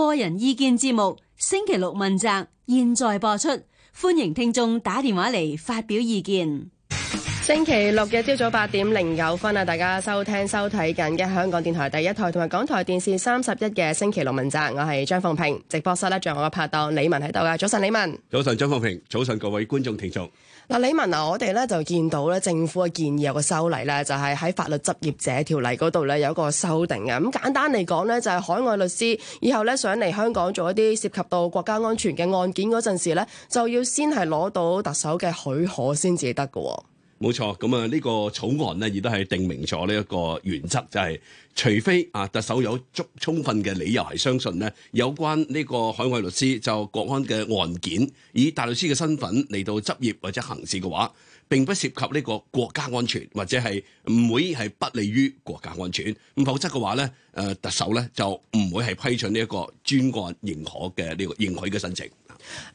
.個人意見節目星期六問責，現在播出，歡迎聽眾打電話嚟發表意見。星期六嘅朝早八點零九分啊，大家收聽收睇緊嘅香港電台第一台同埋港台電視三十一嘅星期六問責，我係張鳳平，直播室呢仲有我嘅拍檔李文喺度噶，早晨李文，早晨張鳳平，早晨各位觀眾聽眾。嗱，李文啊，我哋咧就見到咧政府嘅建議有個修例咧，就係喺法律執業者條例嗰度咧有個修訂嘅。咁簡單嚟講咧，就係海外律師以後咧想嚟香港做一啲涉及到國家安全嘅案件嗰陣時咧，就要先係攞到特首嘅許可先至得㗎。冇錯，咁啊呢個草案呢，亦都係定明咗呢一個原則，就係、是、除非啊特首有足充分嘅理由係相信咧，有關呢個海外律師就國安嘅案件，以大律師嘅身份嚟到執業或者行事嘅話，並不涉及呢個國家安全或者係唔會係不利於國家安全，咁否則嘅話呢，誒特首呢，就唔會係批准呢一個專案認可嘅呢、呢個認許嘅申請。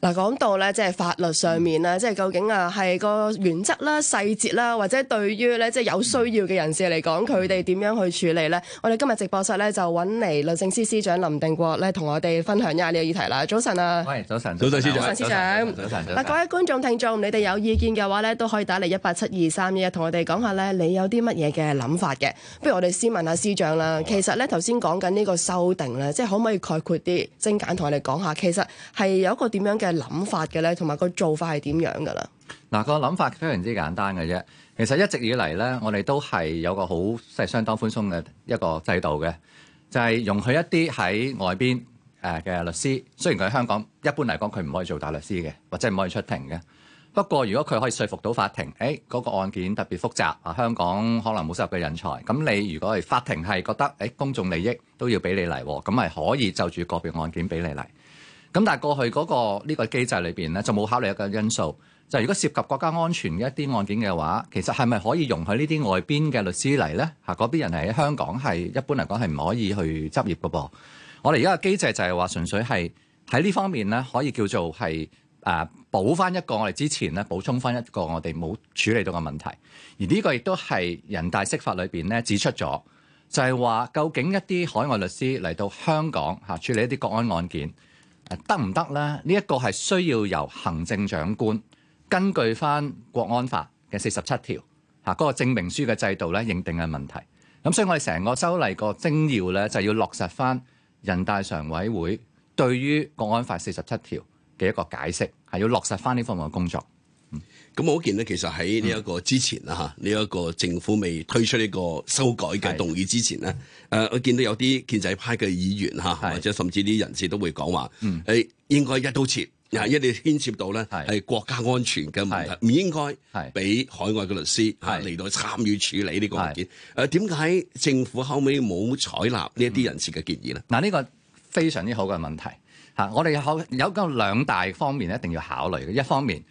嗱，講到咧，即係法律上面啦，嗯、即係究竟啊，係個原則啦、細節啦，或者對於咧，即係有需要嘅人士嚟講，佢哋點樣去處理咧？我哋今日直播室咧就揾嚟律政司司長林定國咧，同我哋分享一下呢個議題啦。早晨啊，喂，早晨，早晨，早晨，司長，早晨，早晨。嗱，各位觀眾聽眾，嗯、你哋有意見嘅話咧，都可以打嚟一八七二三一，同我哋講下咧，你有啲乜嘢嘅諗法嘅？不如我哋先問下司長啦。哇其實咧，頭先講緊呢個修訂咧，即係可唔可以概括啲精簡，同我哋講下？其實係有一個點。咁樣嘅諗法嘅咧，同埋個做法係點樣噶啦？嗱，個諗法非常之簡單嘅啫。其實一直以嚟，咧，我哋都係有個好即係相當寬鬆嘅一個制度嘅，就係、是、容許一啲喺外邊誒嘅律師。雖然佢喺香港，一般嚟講佢唔可以做大律師嘅，或者唔可以出庭嘅。不過如果佢可以說服到法庭，誒、哎、嗰、那個案件特別複雜，啊，香港可能冇適合嘅人才。咁你如果係法庭係覺得誒、哎、公眾利益都要俾你嚟，咁咪可以就住個別案件俾你嚟。咁但係過去嗰個呢個機制裏邊咧，就冇考慮一個因素，就係如果涉及國家安全嘅一啲案件嘅話，其實係咪可以容許呢啲外邊嘅律師嚟咧？嚇、啊，嗰邊人係喺香港係一般嚟講係唔可以去執業㗎噃。我哋而家嘅機制就係話純粹係喺呢方面咧，可以叫做係誒、啊、補返一個我哋之前咧補充返一個我哋冇處理到嘅問題。而呢個亦都係人大釋法裏邊咧指出咗，就係話究竟一啲海外律師嚟到香港嚇、啊、處理一啲國安案件。得唔得咧？行行呢一、這個係需要由行政長官根據翻《國安法》嘅四十七條嚇嗰個證明書嘅制度咧，認定嘅問題。咁所以我哋成個修例個精要咧就是、要落實翻人大常委會對於《國安法》四十七條嘅一個解釋，係要落實翻呢方面嘅工作。咁我見咧，其實喺呢一個之前啦嚇，呢一個政府未推出呢個修改嘅動議之前咧，誒，我見到有啲建制派嘅議員嚇，或者甚至啲人士都會講話，係應該一刀切，啊，一啲牽涉到咧係國家安全嘅問題，唔應該係俾海外嘅律師嚇嚟到參與處理呢個案件。誒，點解政府後尾冇採納呢一啲人士嘅建議咧？嗱，呢個非常之好嘅問題嚇，我哋有有個兩大方面一定要考慮嘅，一方面。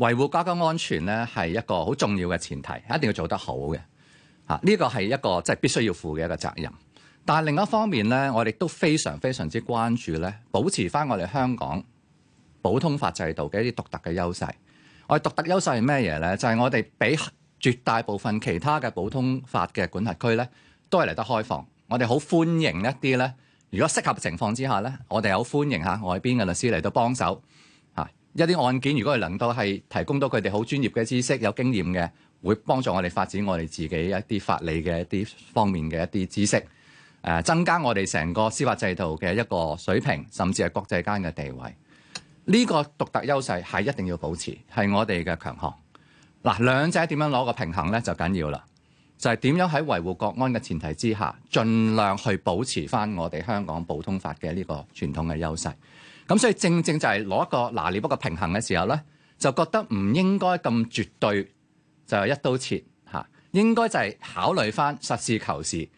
維護國家安全咧，係一個好重要嘅前提，一定要做得好嘅嚇。呢個係一個即係必須要負嘅一個責任。但係另一方面咧，我哋都非常非常之關注咧，保持翻我哋香港普通法制度嘅一啲獨特嘅優勢。我哋獨特優勢係咩嘢咧？就係、是、我哋俾絕大部分其他嘅普通法嘅管轄區咧，都係嚟得開放。我哋好歡迎一啲咧，如果適合情況之下咧，我哋好歡迎嚇外邊嘅律師嚟到幫手。一啲案件，如果係能夠係提供到佢哋好專業嘅知識、有經驗嘅，會幫助我哋發展我哋自己一啲法理嘅一啲方面嘅一啲知識，誒、呃，增加我哋成個司法制度嘅一個水平，甚至係國際間嘅地位。呢、這個獨特優勢係一定要保持，係我哋嘅強項。嗱，兩者點樣攞個平衡咧，就緊要啦。就係點樣喺維護國安嘅前提之下，盡量去保持翻我哋香港普通法嘅呢個傳統嘅優勢。咁所以正正就係攞一個拿捏不過平衡嘅時候咧，就覺得唔應該咁絕對就係一刀切吓、啊，應該就係考慮翻實事求是，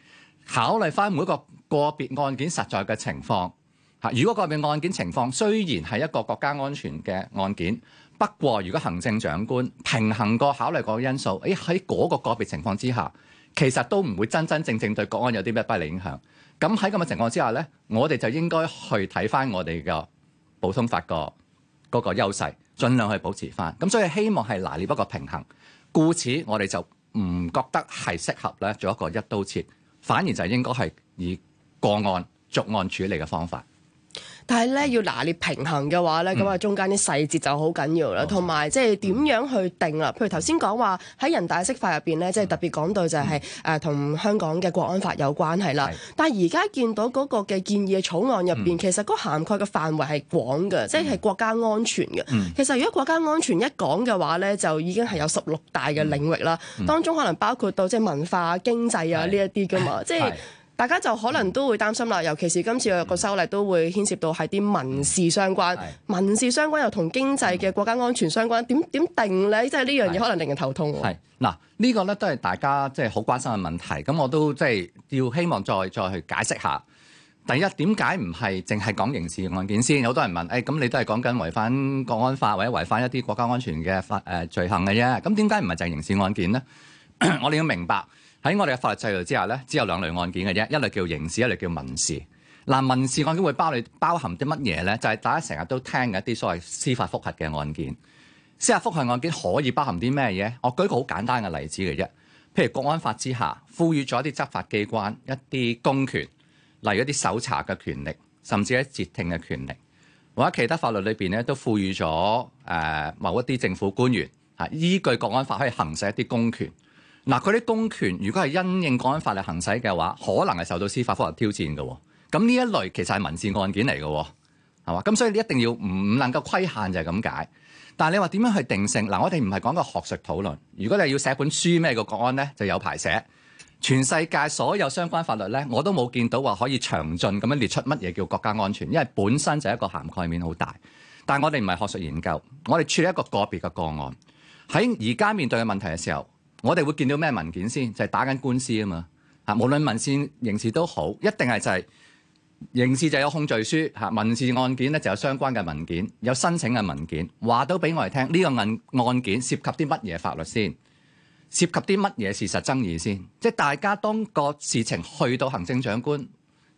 考慮翻每一個個別案件實在嘅情況吓、啊，如果個別案件情況雖然係一個國家安全嘅案件，不過如果行政長官平衡過考慮個因素，誒喺嗰個個別情況之下，其實都唔會真真正正對國安有啲咩不利影響，咁喺咁嘅情況之下咧，我哋就應該去睇翻我哋嘅。普通法嘅嗰個優勢，盡量去保持返。咁所以希望係拿捏一個平衡，故此我哋就唔覺得係適合呢做一個一刀切，反而就應該係以個案逐案處理嘅方法。但係咧要拿捏平衡嘅話咧，咁啊中間啲細節就好緊要啦，同埋即係點樣去定呀？譬如頭先講話喺人大釋法入邊咧，即係特別講到就係誒同香港嘅國安法有關係啦。但係而家見到嗰個嘅建議嘅草案入邊，其實嗰涵蓋嘅範圍係廣嘅，即係係國家安全嘅。其實如果國家安全一講嘅話咧，就已經係有十六大嘅領域啦，當中可能包括到即係文化啊、經濟啊呢一啲噶嘛，即係。大家就可能都會擔心啦，尤其是今次個修例都會牽涉到係啲民事相關，嗯、民事相關又同經濟嘅國家安全相關，點點定呢？即係呢樣嘢可能令人頭痛。係嗱，呢、呢個呢都係大家即係好關心嘅問題。咁我都即係要希望再再去解釋下。第一點解唔係淨係講刑事案件先？有好多人問，誒、哎、咁你都係講緊違反國安法或者違反一啲國家安全嘅法誒罪行嘅啫。咁點解唔係淨係刑事案件呢？ 我哋要明白。喺我哋嘅法律制度之下咧，只有兩類案件嘅啫，一類叫刑事，一類叫民事。嗱，民事案件會包裏包含啲乜嘢咧？就係、是、大家成日都聽嘅一啲所謂司法覆核嘅案件。司法覆核案件可以包含啲咩嘢？我舉個好簡單嘅例子嘅啫，譬如國安法之下賦予咗一啲執法機關一啲公權，例如一啲搜查嘅權力，甚至喺截聽嘅權力，或者其他法律裏邊咧都賦予咗誒、呃、某一啲政府官員，嚇依據國安法可以行使一啲公權。嗱，佢啲公權如果係因應國安法嚟行使嘅話，可能係受到司法覆核挑戰嘅、哦。咁呢一類其實係民事案件嚟嘅、哦，係嘛？咁所以你一定要唔能夠規限就係咁解。但係你話點樣去定性？嗱、嗯，我哋唔係講個學術討論。如果你要寫本書咩個國安咧，就有排寫。全世界所有相關法律咧，我都冇見到話可以詳盡咁樣列出乜嘢叫國家安全，因為本身就係一個涵蓋面好大。但係我哋唔係學術研究，我哋處理一個個別嘅個案。喺而家面對嘅問題嘅時候。我哋會見到咩文件先？就係打緊官司啊嘛，嚇！無論民事、刑事都好，一定係就係刑事就有控罪書嚇，民事案件咧就有相關嘅文件，有申請嘅文件，話到俾我哋聽，呢個案案件涉及啲乜嘢法律先？涉及啲乜嘢事實爭議先？即係大家當個事情去到行政長官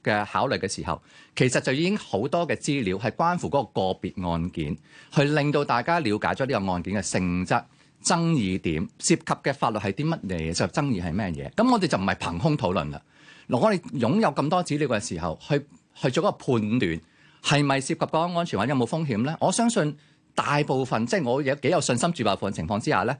嘅考慮嘅時候，其實就已經好多嘅資料係關乎嗰個個別案件，去令到大家了解咗呢個案件嘅性質。爭議點涉及嘅法律係啲乜嘢嘢？就爭議係咩嘢？咁我哋就唔係憑空討論啦。嗱，我哋擁有咁多資料嘅時候，去去做一個判斷，係咪涉及國家安全或者有冇風險咧？我相信大部分即係、就是、我有幾有信心住白飯情況之下咧，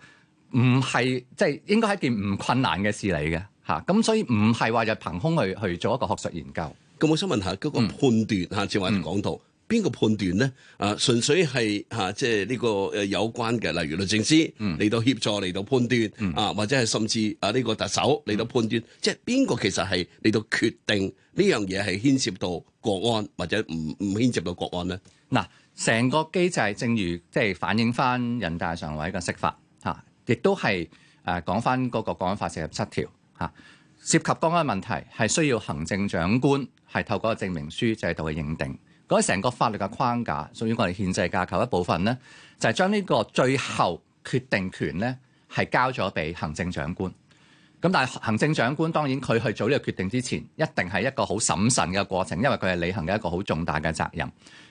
唔係即係應該係一件唔困難嘅事嚟嘅嚇。咁所以唔係話就憑空去去做一個學術研究。咁我想問下嗰個判斷嚇，趙偉講到。嗯邊個判斷咧？啊，純粹係吓，即係呢個誒有關嘅，例如律政司嚟到協助，嚟到判斷、嗯、啊，或者係甚至啊呢、呢個特首嚟到判斷，嗯、即係邊個其實係嚟到決定呢樣嘢係牽涉到國安，或者唔唔牽涉到國安咧？嗱，成個機制正如即係反映翻人大常委嘅釋法吓，亦、啊、都係誒講翻嗰個國安法四十七條吓、啊，涉及國安問題係需要行政長官係透過證明書制度嘅認定。所以成個法律嘅框架，屬於我哋憲制架構一部分咧，就係將呢個最後決定權咧，係交咗俾行政長官。咁但係行政長官當然佢去做呢個決定之前，一定係一個好審慎嘅過程，因為佢係履行嘅一個好重大嘅責任。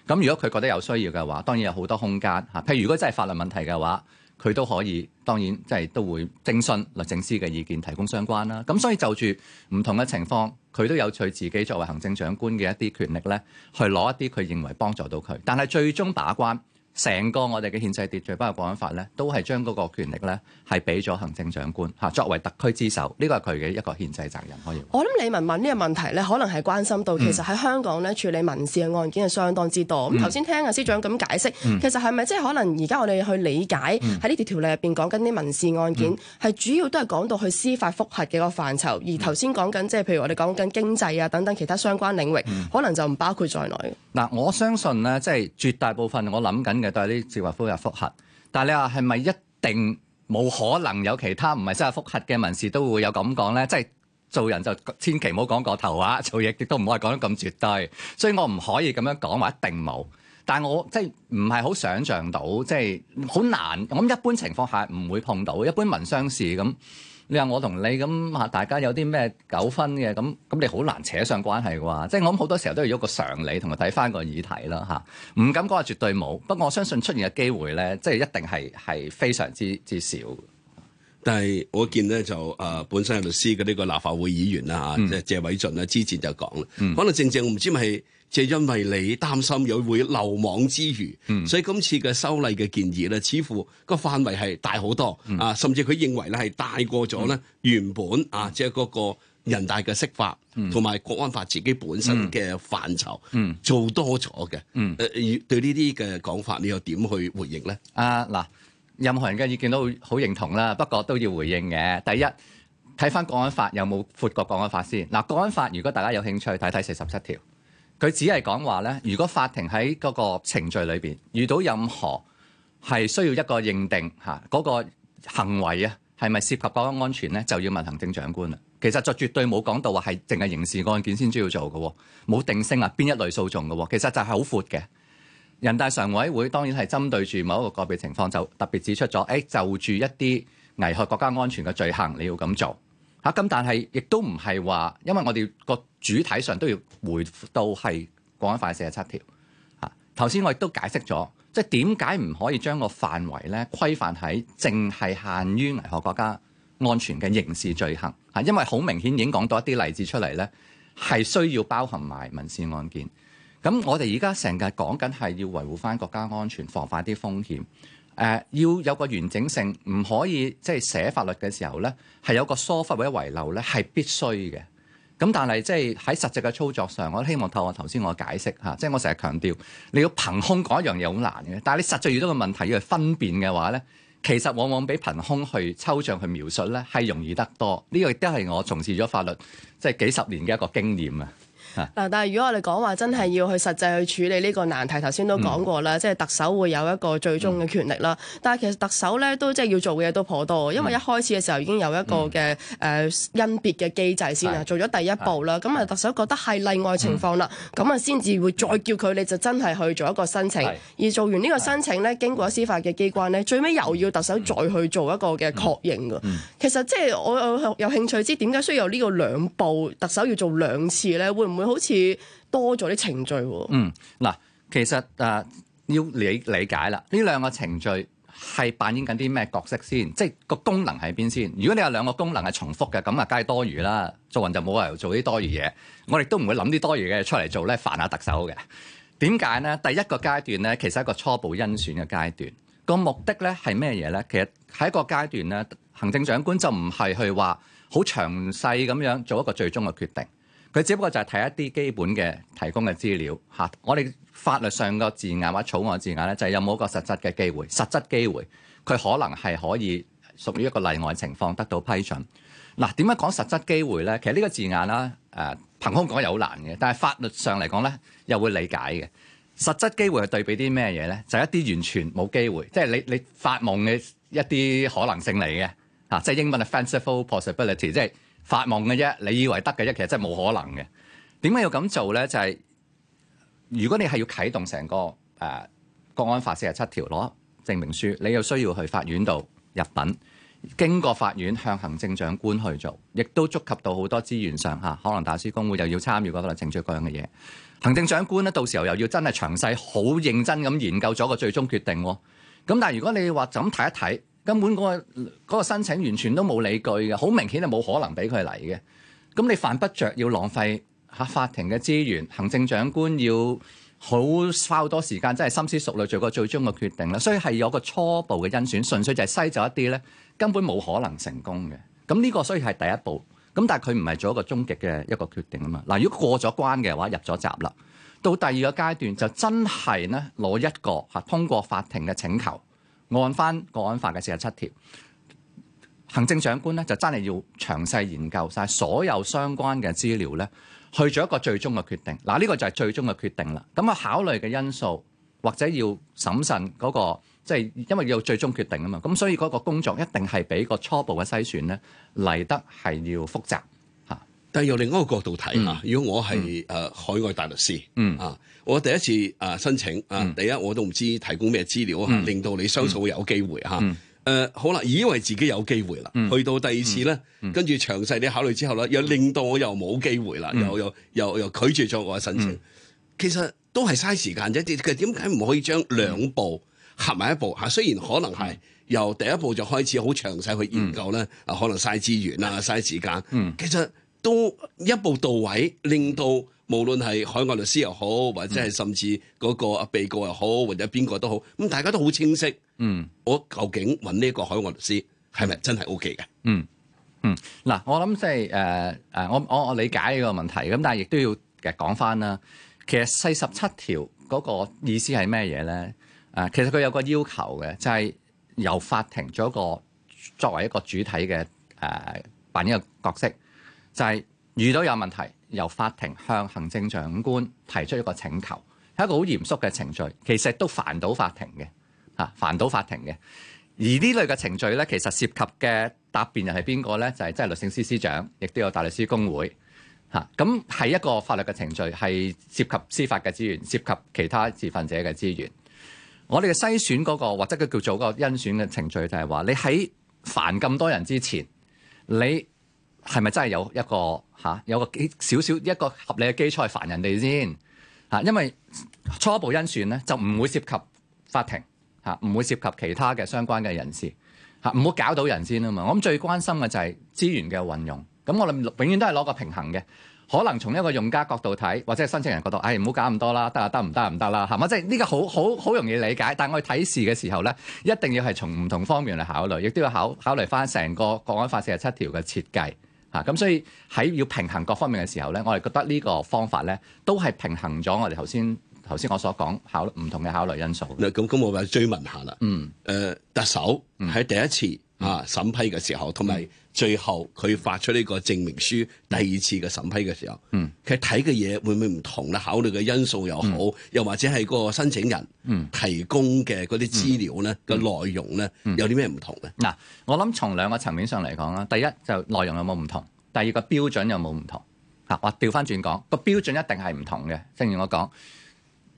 咁如果佢覺得有需要嘅話，當然有好多空間吓。譬如如果真係法律問題嘅話。佢都可以，當然即係、就是、都會徵詢律政司嘅意見，提供相關啦。咁所以就住唔同嘅情況，佢都有佢自己作為行政長官嘅一啲權力呢，去攞一啲佢認為幫助到佢，但係最終把關。成個我哋嘅憲制秩序，包括《國安法》咧，都係將嗰個權力咧，係俾咗行政長官吓，作為特區之首。呢個係佢嘅一個憲制責任，可以。我諗李文問呢個問題咧，可能係關心到其實喺香港咧處理民事嘅案件係相當之多。咁頭先聽阿司長咁解釋，嗯、其實係咪即係可能而家我哋去理解喺呢條條例入邊講緊啲民事案件，係主要都係講到去司法覆核嘅一個範疇，嗯、而頭先講緊即係譬如我哋講緊經濟啊等等其他相關領域，嗯、可能就唔包括在內。嗱、嗯，我相信咧，即係絕大部分我諗緊。對啲司法覆核，但係你話係咪一定冇可能有其他唔係真係複核嘅民事都會有咁講咧？即係做人就千祈唔好講過頭話，做嘢亦都唔可以講得咁絕對，所以我唔可以咁樣講話一定冇。但係我即係唔係好想像到，即係好難。咁一般情況下唔會碰到，一般民商事咁。你話我同你咁嚇，大家有啲咩糾紛嘅咁咁，你好難扯上關係啩、啊？即係我諗好多時候都要一個常理，同埋睇翻個議題啦嚇。唔、啊、敢講話絕對冇，不過我相信出現嘅機會咧，即係一定係係非常之之少。但係我見咧就誒、呃、本身係律師嘅呢個立法會議員啦嚇，即、啊、係、嗯、謝偉俊啦，之前就講啦，嗯、可能正正唔知咪。就因為你擔心有會漏網之魚，嗯、所以今次嘅修例嘅建議咧，似乎個範圍係大好多、嗯、啊！甚至佢認為咧係大過咗咧、嗯、原本啊，即係嗰個人大嘅釋法同埋、嗯、國安法自己本身嘅範疇，嗯、做多咗嘅。誒、嗯呃，對呢啲嘅講法，你又點去回應咧？啊，嗱，任何人嘅意見都好認同啦，不過都要回應嘅。第一，睇返國安法有冇闊過國安法先。嗱，國安法如果大家有興趣睇睇四十七條。佢只係講話咧，如果法庭喺嗰個程序裏邊遇到任何係需要一個認定嚇嗰、啊嗰個行為啊，係咪涉及國家安全咧，就要問行政長官啦。其實就絕對冇講到話係淨係刑事案件先需要做嘅、哦，冇定性啊，邊一類訴訟嘅，其實就係好闊嘅。人大常委會當然係針對住某一個個別情況，就特別指出咗，誒、哎、就住一啲危害國家安全嘅罪行，你要咁做。嚇！咁但係亦都唔係話，因為我哋個主體上都要回到係《國安法》四十七條。嚇！頭先我亦都解釋咗，即係點解唔可以將個範圍咧規範喺淨係限於危害國家安全嘅刑事罪行。嚇、啊！因為好明顯已經講到一啲例子出嚟咧，係需要包含埋民事案件。咁我哋而家成日講緊係要維護翻國家安全，防範啲風險。誒、呃、要有個完整性，唔可以即係寫法律嘅時候咧，係有個疏忽或者遺漏咧，係必須嘅。咁但係即係喺實際嘅操作上，我都希望透過頭先我嘅解釋吓，即係我成日強調你要憑空講一樣嘢好難嘅，但係你實際遇到個問題要去分辨嘅話咧，其實往往比憑空去抽象去描述咧係容易得多。呢、這個亦都係我從事咗法律即係幾十年嘅一個經驗啊。嗱，但係如果我哋講話真係要去實際去處理呢個難題，頭先都講過啦，嗯、即係特首會有一個最終嘅權力啦。嗯、但係其實特首咧都即係要做嘅嘢都頗多，因為一開始嘅時候已經有一個嘅誒甄別嘅機制先啦，做咗第一步啦。咁啊、嗯，特首覺得係例外情況啦，咁啊先至會再叫佢，你就真係去做一個申請。嗯、而做完呢個申請咧，嗯、經過司法嘅機關咧，最尾又要特首再去做一個嘅確認㗎、嗯嗯嗯嗯。其實即係我有興趣知點解需要有呢個兩步，特首要做兩次咧，會唔會？好似多咗啲程序，哦。嗯，嗱，其實誒、呃、要理理解啦，呢兩個程序係扮演緊啲咩角色先？即係個功能喺邊先？如果你有兩個功能係重複嘅，咁啊，梗係多餘啦。做人就冇理由做啲多餘嘢。我哋都唔會諗啲多餘嘅出嚟做咧，煩下特首嘅。點解咧？第一個階段咧，其實係一個初步甄選嘅階段，個目的咧係咩嘢咧？其實喺一個階段咧，行政長官就唔係去話好詳細咁樣做一個最終嘅決定。佢只不過就係睇一啲基本嘅提供嘅資料嚇，我哋法律上個字眼或者草案字眼咧，就係、是、有冇一個實質嘅機會？實質機會佢可能係可以屬於一個例外情況得到批准。嗱，點樣講實質機會咧？其實呢個字眼啦，誒、呃，憑空講又好難嘅，但係法律上嚟講咧，又會理解嘅。實質機會係對比啲咩嘢咧？就係一啲完全冇機會，即係你你發夢嘅一啲可能性嚟嘅嚇，即係英文嘅 fanciful possibility，即係。發夢嘅啫，你以為得嘅啫，其實真係冇可能嘅。點解要咁做咧？就係、是、如果你係要啟動成個誒、呃《國安法》四十七條攞證明書，你又需要去法院度入稟，經過法院向行政長官去做，亦都觸及到好多資源上嚇，啊，可能大律師公會又要參與個法律程序各樣嘅嘢。行政長官咧，到時候又要真係詳細、好認真咁研究咗個最終決定，哦。咁但係如果你話就咁睇一睇，根本嗰個嗰個申請完全都冇理據嘅，好明顯係冇可能俾佢嚟嘅。咁你犯不着要浪費嚇法庭嘅資源，行政長官要好花好多時間，真係深思熟慮做個最終嘅決定啦。所以係有個初步嘅甄選，純粹就係篩走一啲咧，根本冇可能成功嘅。咁呢個所以係第一步，咁但係佢唔係做一個終極嘅一個決定啊嘛。嗱，如果過咗關嘅話，入咗閘啦，到第二個階段就真係咧攞一個嚇通過法庭嘅請求。按翻《國安法》嘅四十七條，行政長官咧就真係要詳細研究晒所有相關嘅資料咧，去做一個最終嘅決定。嗱，呢個就係最終嘅決定啦。咁啊，考慮嘅因素或者要審慎嗰個，即係因為要最終決定啊嘛。咁所以嗰個工作一定係比個初步嘅篩選咧嚟得係要複雜。但由另外一個角度睇嚇，如果我係誒海外大律師，啊、嗯，我第一次誒申請啊，第一我都唔知提供咩資料啊，嗯、令到你相信會有機會嚇。誒、嗯啊、好啦，以為自己有機會啦，去到第二次咧，嗯、跟住詳細啲考慮之後咧，又令到我又冇機會啦，又又又又拒絕咗我嘅申請。嗯、其實都係嘥時間啫。佢點解唔可以將兩步合埋一步嚇？雖然可能係由第一步就開始好詳細去研究咧，啊、嗯，可能嘥資源啊，嘥時間。嗯，其實。都一步到位，令到無論係海外律師又好，或者係甚至嗰個啊被告又好，或者邊個都好，咁大家都好清晰。嗯，我究竟揾呢個海外律師係咪真係 O K 嘅？嗯嗯，嗱，我諗即係誒誒，我我我理解呢個問題，咁但係亦都要誒講翻啦。其實四十七條嗰個意思係咩嘢咧？啊、呃，其實佢有個要求嘅，就係由法庭做一個作為一個主體嘅扮演嘅角色。就係遇到有問題，由法庭向行政長官提出一個請求，係一個好嚴肅嘅程序。其實都煩到法庭嘅，嚇、啊、煩到法庭嘅。而呢類嘅程序咧，其實涉及嘅答辯人係邊個咧？就係即係律政司司長，亦都有大律師公會嚇。咁、啊、係一個法律嘅程序，係涉及司法嘅資源，涉及其他持份者嘅資源。我哋嘅篩選嗰、那個或者佢叫做個甄選嘅程序就，就係話你喺煩咁多人之前，你。係咪真係有一個嚇、啊，有個幾少少一個合理嘅基礎去煩人哋先嚇、啊？因為初步甄選咧就唔會涉及法庭嚇，唔、啊、會涉及其他嘅相關嘅人士嚇，唔、啊、好、啊、搞到人先啊嘛！我諗最關心嘅就係資源嘅運用。咁我哋永遠都係攞個平衡嘅，可能從一個用家角度睇，或者係申請人角度，唉唔好搞咁多啦，得啊得唔得唔得啦係嘛！即係呢個好好好容易理解，但係我哋睇事嘅時候咧，一定要係從唔同方面嚟考慮，亦都要考考慮翻成個《國安法》四十七條嘅設計。嚇！咁、啊、所以喺要平衡各方面嘅時候咧，我哋覺得呢個方法咧，都係平衡咗我哋頭先頭先我所講考唔同嘅考慮因素。誒咁咁，我咪追問下啦。嗯。誒、呃、特首喺第一次啊、嗯啊、審批嘅時候，同埋。最後佢發出呢個證明書，第二次嘅審批嘅時候，佢睇嘅嘢會唔會唔同咧？考慮嘅因素又好，嗯、又或者係個申請人提供嘅嗰啲資料咧個、嗯、內容咧，嗯、有啲咩唔同咧？嗱，我諗從兩個層面上嚟講啊，第一就內容有冇唔同，第二個標準有冇唔同。嚇、啊，我調翻轉講，個標準一定係唔同嘅。正如我講，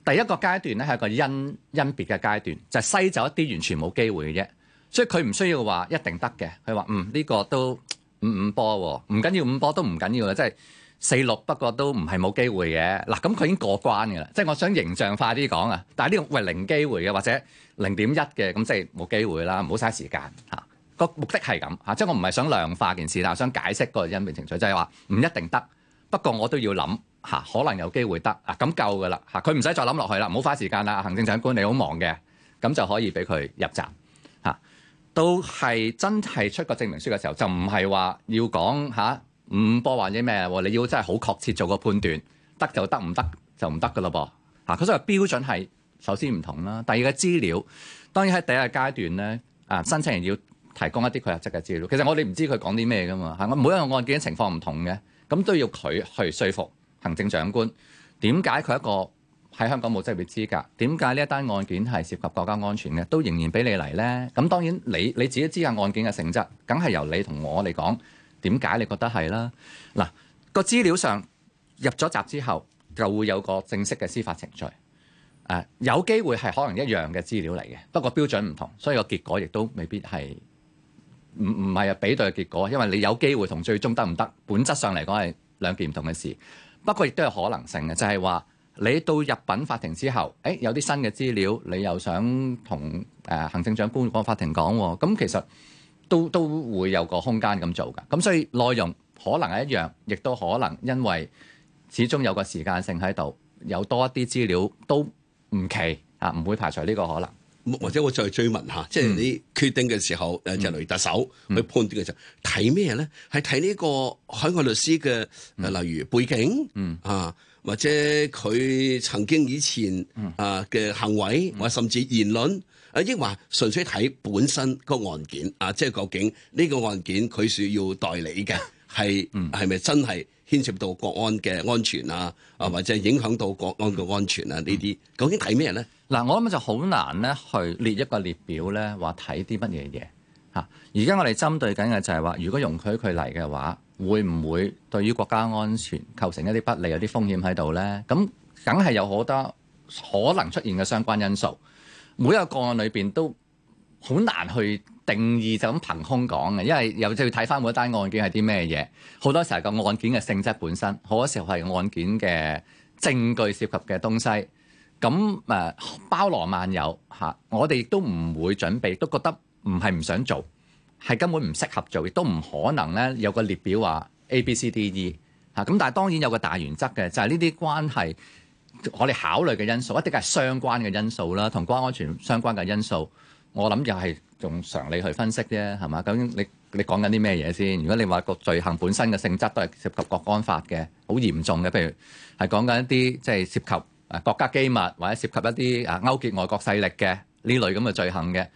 第一個階段咧係一個因因別嘅階段，就係、篩走一啲完全冇機會嘅啫。所以佢唔需要話一定得嘅，佢話嗯呢、這個都五五波喎、啊，唔緊要五波都唔緊要啦，即、就、係、是、四六不過都唔係冇機會嘅嗱。咁佢已經過關㗎啦，即、就、係、是、我想形象化啲講啊。但係呢個喂零機會嘅或者零點一嘅咁即係冇機會啦，唔好嘥時間嚇。個、啊、目的係咁嚇，即、啊、係、就是、我唔係想量化件事，但係想解釋個陰面情緒，就係話唔一定得，不過我都要諗嚇、啊，可能有機會得啊，咁夠㗎啦嚇。佢唔使再諗落去啦，唔好花時間啦。行政長官你好忙嘅，咁就可以俾佢入閘嚇。啊都係真係出個證明書嘅時候，就唔係話要講嚇唔波或者咩，你要真係好確切做個判斷，得就得，唔得就唔得噶咯噃嚇。佢、啊、所謂標準係首先唔同啦、啊，第二個資料當然喺第一個階段咧，啊申請人要提供一啲佢入職嘅資料。其實我哋唔知佢講啲咩噶嘛嚇、啊。每一個案件情況唔同嘅，咁都要佢去説服行政長官點解佢一個。喺香港冇職業資格，點解呢一單案件係涉及國家安全嘅？都仍然俾你嚟呢？咁當然你你自己知下案件嘅性質，梗係由你同我嚟講點解你覺得係啦。嗱個資料上入咗閘之後，就會有個正式嘅司法程序。誒、啊、有機會係可能一樣嘅資料嚟嘅，不過標準唔同，所以個結果亦都未必係唔唔係啊比對嘅結果，因為你有機會同最終得唔得，本質上嚟講係兩件唔同嘅事。不過亦都有可能性嘅，就係、是、話。你到入禀法庭之後，誒有啲新嘅資料，你又想同誒、呃、行政長官講法庭講，咁、哦、其實都都會有個空間咁做嘅。咁、嗯、所以內容可能係一樣，亦都可能因為始終有個時間性喺度，有多一啲資料都唔奇啊，唔會排除呢個可能。或者我再追問下，即、就、係、是、你決定嘅時候，誒、嗯、就嚟特首、嗯、去判斷嘅時候，睇咩咧？係睇呢個海外律師嘅誒、啊，例如背景，嗯啊。或者佢曾經以前啊嘅行為，或甚至言論，啊亦話純粹睇本身案、啊、個案件啊，即係究竟呢個案件佢需要代理嘅，係係咪真係牽涉到國安嘅安全啊？啊，或者影響到國安嘅安全啊？呢啲究竟睇咩咧？嗱、嗯，我諗就好難咧去列一個列表咧，話睇啲乜嘢嘢嚇。而家我哋針對緊嘅就係話，如果容許佢嚟嘅話。嗯嗯嗯嗯會唔會對於國家安全構成一啲不利、有啲風險喺度呢？咁梗係有好多可能出現嘅相關因素。每一個個案裏邊都好難去定義，就咁憑空講嘅，因為又即係要睇翻每一單案件係啲咩嘢。好多時候個案件嘅性質本身，好多時候係案件嘅證據涉及嘅東西，咁誒、呃、包羅萬有嚇、啊。我哋亦都唔會準備，都覺得唔係唔想做。係根本唔適合做，亦都唔可能呢有個列表話 A、B、C、D、E 吓咁。但係當然有個大原則嘅，就係呢啲關係我哋考慮嘅因素，一定係相關嘅因素啦，同國家安全相關嘅因素。我諗又係用常理去分析啫，係嘛？究竟你你講緊啲咩嘢先？如果你話個罪行本身嘅性質都係涉及國安法嘅，好嚴重嘅，譬如係講緊一啲即係涉及國家機密或者涉及一啲啊勾結外國勢力嘅呢類咁嘅罪行嘅。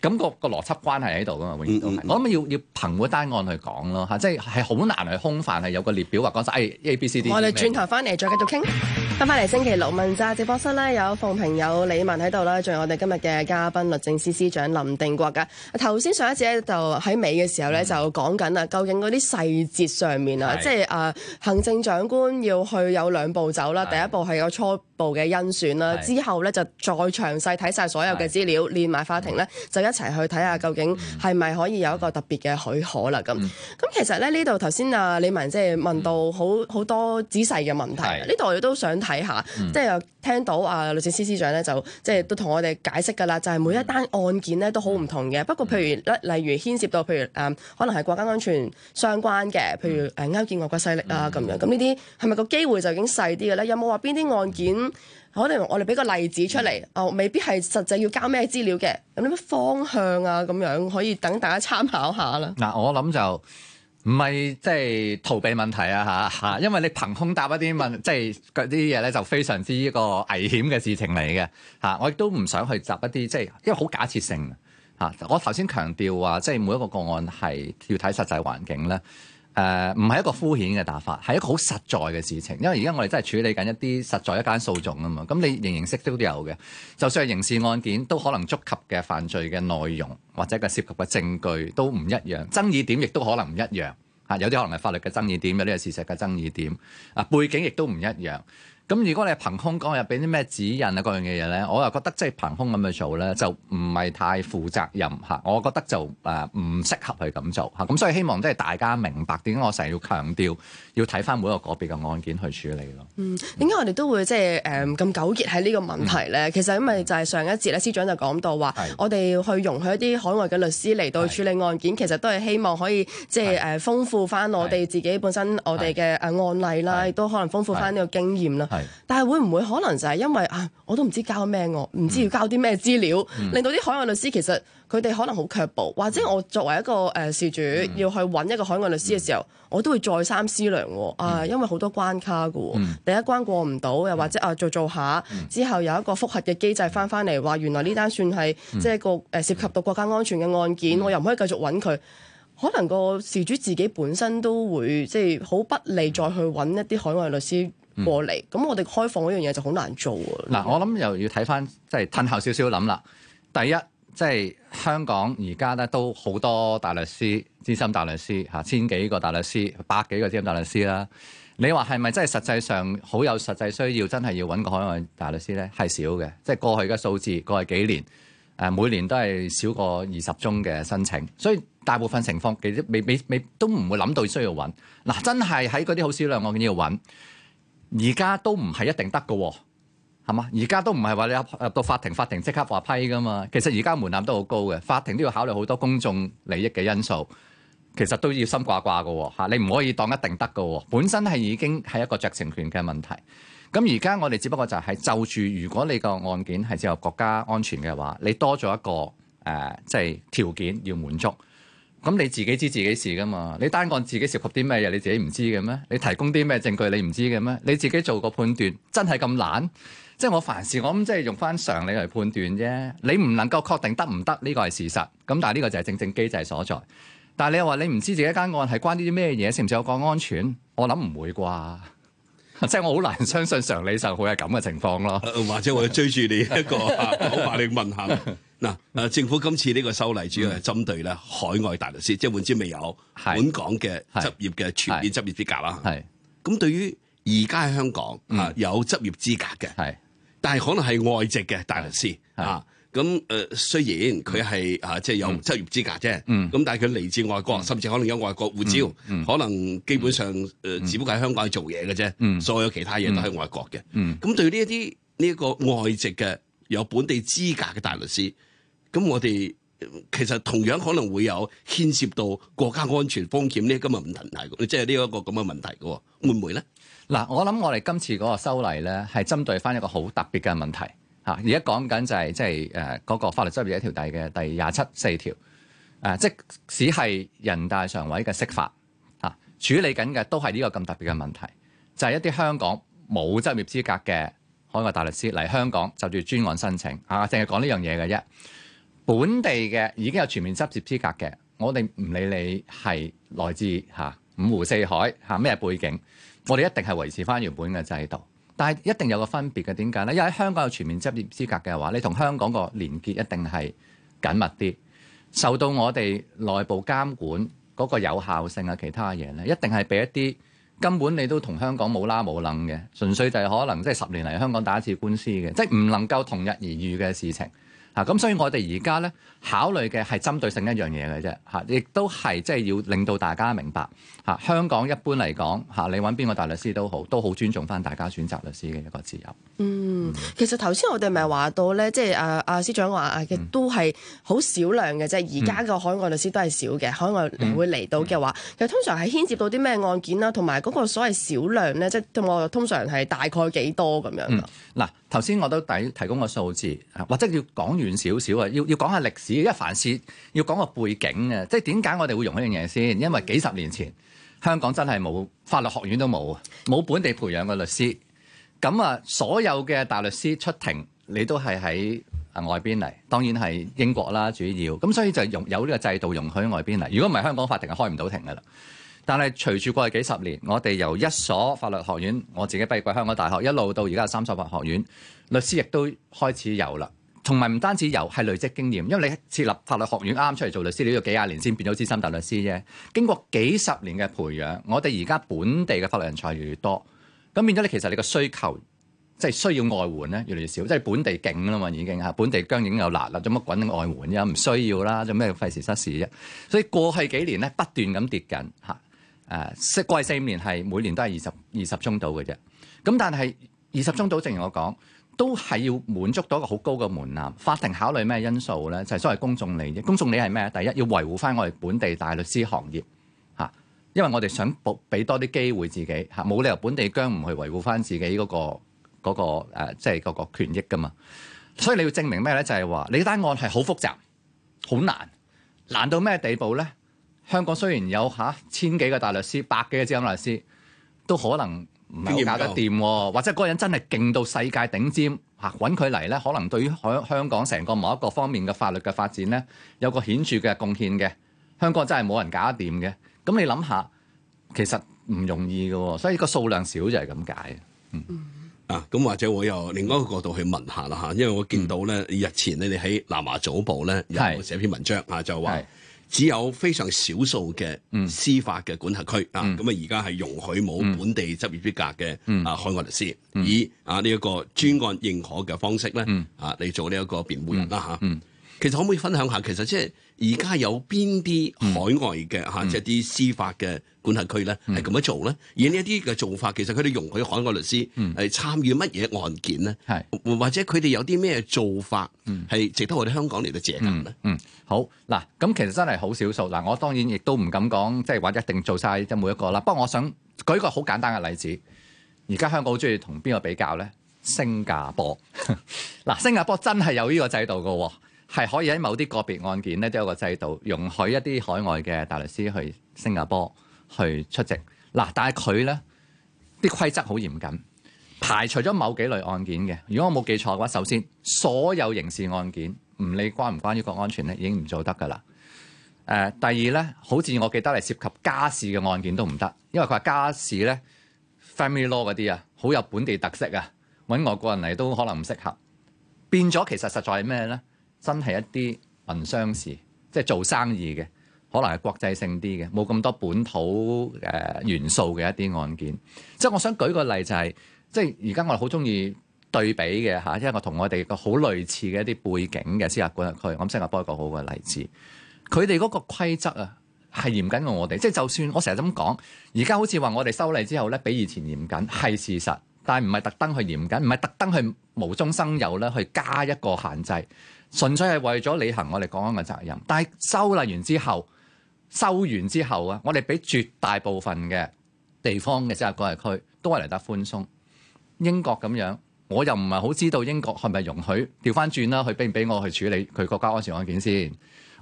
感覺個邏輯關係喺度噶嘛，永遠都係。嗯嗯、我諗要要憑嗰單案去講咯，嚇，即係係好難去空泛係有個列表或講晒。哎 A、B、C、D。我哋轉頭翻嚟再繼續傾。咁翻嚟星期六問責直播室咧，有鳳萍友李文喺度啦，仲有我哋今日嘅嘉賓律政司司長林定國噶。頭先上一次咧，就喺尾嘅時候咧，就講緊啊，究竟嗰啲細節上面啊，嗯、即係誒、呃、行政長官要去有兩步走啦，第一步係有初步嘅甄選啦，嗯、之後咧就再詳細睇晒所有嘅資料，連埋法庭咧就一齊去睇下究竟係咪可以有一個特別嘅許可啦。咁咁、嗯嗯、其實咧呢度頭先啊李文即係問到好好，好多仔細嘅問題，呢度、嗯嗯、我都想睇下，即係、嗯、 聽到啊律政司司長咧就即係都同我哋解釋嘅啦，就係、是、每一單案件咧都好唔同嘅。不過譬如咧，例如牽涉到譬如誒，可能係國家安全相關嘅，譬如誒勾結外國勢力啊咁樣。咁呢啲係咪個機會就已經細啲嘅咧？有冇話邊啲案件可能我哋俾個例子出嚟？哦，未必係實際要交咩資料嘅。有啲咩方向啊咁樣可以等大家參考下啦。嗱、嗯，我諗就。唔係即係逃避問題啊！嚇嚇，因為你憑空答一啲問，即係啲嘢咧就非常之一個危險嘅事情嚟嘅嚇。我亦都唔想去答一啲即係，因為好假設性啊。我頭先強調話，即係每一個個案係要睇實際環境咧。誒，唔係、呃、一個敷衍嘅打法，係一個好實在嘅事情。因為而家我哋真係處理緊一啲實在一間訴訟啊嘛。咁你形形式都都有嘅，就算係刑事案件，都可能觸及嘅犯罪嘅內容或者嘅涉及嘅證據都唔一樣，爭議點亦都可能唔一樣。嚇、啊，有啲可能係法律嘅爭議點，有啲係事實嘅爭議點。啊，背景亦都唔一樣。咁如果你係憑空講入，俾啲咩指引啊，各樣嘅嘢咧，我又覺得即係憑空咁去做咧，就唔係太負責任嚇。我覺得就誒唔適合去咁做嚇。咁所以希望即係大家明白點解我成日要強調，要睇翻每個個別嘅案件去處理咯。嗯，點解我哋都會即係誒咁糾結喺呢個問題咧？嗯、其實因為就係上一節咧，司長就講到話，是我哋去容許一啲海外嘅律師嚟到處理案件，其實都係希望可以即係誒豐富翻我哋自己本身我哋嘅案例啦，亦都可能豐富翻呢個經驗啦。但係會唔會可能就係因為啊，我都唔知交咩，唔知要交啲咩資料，嗯、令到啲海外律師其實佢哋可能好卻步，或者我作為一個誒、呃、事主、嗯、要去揾一個海外律師嘅時候，嗯、我都會再三思量，啊，因為好多關卡嘅，嗯、第一關過唔到，又或者啊做做下之後有一個複核嘅機制翻翻嚟，話原來呢單算係、嗯、即係個誒涉及到國家安全嘅案件，嗯、我又唔可以繼續揾佢，可能個事主自己本身都會即係好不利再去揾一啲海外律師。過嚟，咁、嗯、我哋開放嗰樣嘢，就好難做。嗱、嗯，嗯、我諗又要睇翻，即係褪後少少諗啦。第一，即、就、係、是、香港而家咧都好多大律師、資深大律師吓、啊，千幾個大律師、百幾個資深大律師啦。你話係咪真係實際上好有實際需要，真係要揾個海外大律師咧？係少嘅，即、就、係、是、過去嘅數字，過去幾年誒、啊，每年都係少過二十宗嘅申請，所以大部分情況其實未、未、未都唔會諗到需要揾。嗱、啊，真係喺嗰啲好少量案件要揾。而家都唔係一定得㗎，係嘛？而家都唔係話你入入到法庭，法庭即刻話批㗎嘛。其實而家門檻都好高嘅，法庭都要考慮好多公眾利益嘅因素，其實都要心掛掛㗎吓。你唔可以當一定得㗎，本身係已經係一個酌情權嘅問題。咁而家我哋只不過就係、是、就住，如果你個案件係涉及國家安全嘅話，你多咗一個誒，即、呃、係、就是、條件要滿足。咁你自己知自己事噶嘛？你單案自己涉及啲咩嘢你自己唔知嘅咩？你提供啲咩證據你唔知嘅咩？你自己做個判斷真係咁難？即係我凡事我諗即係用翻常理嚟判斷啫。你唔能夠確定得唔得，呢個係事實。咁但係呢個就係正正機制所在。但係你又話你唔知自己一間案係關於啲咩嘢？係唔係講安全？我諗唔會啩。 即係我好難相信常理上會係咁嘅情況咯。 或者我要追住你一個，好快、 啊、你問下。嗱，誒政府今次呢個修例主要係針對咧海外大律師，即係換之未有本港嘅執業嘅全面執業資格啦。咁對於而家喺香港有執業資格嘅，但係可能係外籍嘅大律師啊。咁誒雖然佢係啊，即係有執業資格啫。咁但係佢嚟自外國，甚至可能有外國護照，可能基本上誒只不過喺香港做嘢嘅啫。所有其他嘢都喺外國嘅。咁對呢一啲呢個外籍嘅有本地資格嘅大律師。咁我哋其實同樣可能會有牽涉到國家安全風險呢，咁啊唔同嘅，即係呢一個咁嘅問題嘅，會唔會咧？嗱，我諗我哋今次嗰個修例咧，係針對翻一個好特別嘅問題嚇。而家講緊就係即係誒嗰個法律執業者條例嘅第廿七四條，誒、啊、即使係人大常委嘅釋法嚇、啊、處理緊嘅都係呢個咁特別嘅問題，就係、是、一啲香港冇執業資格嘅海外大律師嚟香港就住專案申請啊，淨係講呢樣嘢嘅啫。本地嘅已經有全面執業資格嘅，我哋唔理你係來自嚇、啊、五湖四海嚇咩、啊、背景，我哋一定係維持返原本嘅制度。但係一定有個分別嘅，點解呢？因為喺香港有全面執業資格嘅話，你同香港個連結一定係緊密啲，受到我哋內部監管嗰個有效性啊，其他嘢呢，一定係俾一啲根本你都同香港冇啦冇楞嘅，純粹就係可能即係、就是、十年嚟香港打一次官司嘅，即係唔能夠同日而語嘅事情。啊，咁所以我哋而家咧考慮嘅係針對性一樣嘢嘅啫，嚇、啊，亦都係即係要令到大家明白，嚇、啊、香港一般嚟講，嚇、啊、你搵邊個大律師都好，都好尊重翻大家選擇律師嘅一個自由。嗯，嗯其實頭先我哋咪話到咧，即係啊啊司長話嘅都係好少量嘅即係，而家個海外律師都係少嘅，嗯、海外會嚟到嘅話，嗯嗯、其實通常係牽涉到啲咩案件啦？同埋嗰個所謂少量咧，即係我通常係大概幾多咁樣嗱？嗯頭先我都提提供個數字，或者要講完少少啊，要要講下歷史，因為凡事要講個背景嘅，即係點解我哋會容許一樣嘢先？因為幾十年前香港真係冇，法律學院都冇啊，冇本地培養嘅律師，咁啊所有嘅大律師出庭，你都係喺外邊嚟，當然係英國啦主要，咁所以就容有呢個制度容許外邊嚟。如果唔係，香港法庭係開唔到庭噶啦。但係隨住過去幾十年，我哋由一所法律學院，我自己畢業過香港大學，一路到而家有三所法學院，律師亦都開始有啦。同埋唔單止有，係累積經驗，因為你設立法律學院啱出嚟做律師，你要幾廿年先變咗資深大律師啫。經過幾十年嘅培養，我哋而家本地嘅法律人才越嚟越多，咁變咗你其實你個需求即係需要外援咧，越嚟越少，即係本地勁啦嘛，已經嚇，本地薑已經有辣啦，做乜滾外援啫？唔需要啦，做咩費事失事啫？所以過去幾年咧，不斷咁跌緊嚇。嗯誒，uh, 過去四五年係每年都係二十二十宗度嘅啫。咁但係二十宗度，正如我講，都係要滿足到一個好高嘅門檻。法庭考慮咩因素咧？就係、是、所謂公眾利益。公眾利益係咩？第一要維護翻我哋本地大律師行業嚇、啊，因為我哋想補俾多啲機會自己嚇，冇、啊、理由本地僵唔去維護翻自己嗰、那個嗰即係嗰個權益㗎嘛。所以你要證明咩咧？就係、是、話你單案係好複雜、好難，難到咩地步咧？香港雖然有嚇千幾個大律師、百幾個資深律師，都可能唔搞得掂，或者嗰個人真係勁到世界頂尖嚇，揾佢嚟咧，可能對於香香港成個某一個方面嘅法律嘅發展咧，有個顯著嘅貢獻嘅。香港真係冇人搞得掂嘅。咁你諗下，其實唔容易嘅，所以個數量少就係咁解。嗯，嗯啊，咁或者我由另一個角度去問下啦嚇，因為我見到咧、嗯、日前你哋喺南華早報咧又寫篇文章嚇是，就話。.只有非常少數嘅司法嘅管轄區啊，咁啊而家係容許冇本地執業資格嘅啊海外律師，嗯、以啊呢一個專案認可嘅方式咧啊嚟做呢一個辯護人啦嚇。嗯嗯。其實可唔可以分享下？其實即係而家有邊啲海外嘅嚇，即係啲司法嘅管轄區咧，係咁樣做咧？而呢一啲嘅做法，其實佢哋容許海外律師係參與乜嘢案件咧？係、嗯、或者佢哋有啲咩做法係值得我哋香港嚟到借鑑咧、嗯？嗯，好嗱，咁其實真係好少數嗱。我當然亦都唔敢講，即係話一定做晒，即係每一個啦。不過我想舉個好簡單嘅例子。而家香港好中意同邊個比較咧？新加坡嗱， 新加坡真係有呢個制度㗎喎。係可以喺某啲個別案件咧都有個制度容許一啲海外嘅大律師去新加坡去出席嗱，但係佢咧啲規則好嚴謹，排除咗某幾類案件嘅。如果我冇記錯嘅話，首先所有刑事案件唔理關唔關於國安全咧，已經唔做得噶啦。誒、呃，第二咧，好似我記得係涉及家事嘅案件都唔得，因為佢話家事咧 family law 嗰啲啊，好有本地特色啊，揾外國人嚟都可能唔適合。變咗其實實在係咩咧？真係一啲民商事，即係做生意嘅，可能係國際性啲嘅，冇咁多本土誒元素嘅一啲案件。即係我想舉個例，就係、是、即係而家我哋好中意對比嘅嚇，因為我同我哋個好類似嘅一啲背景嘅司法管轄區，我諗新加坡一個好嘅例子，佢哋嗰個規則啊係嚴謹過我哋，即係就算我成日咁講，而家好似話我哋修例之後咧，比以前嚴謹係事實，但係唔係特登去嚴謹，唔係特登去無中生有咧去加一個限制。純粹係為咗履行我哋講緊嘅責任，但係修例完之後，修完之後啊，我哋俾絕大部分嘅地方嘅即係港區都係嚟得寬鬆。英國咁樣，我又唔係好知道英國係咪容許調翻轉啦？佢俾唔俾我去處理佢國家安全案件先？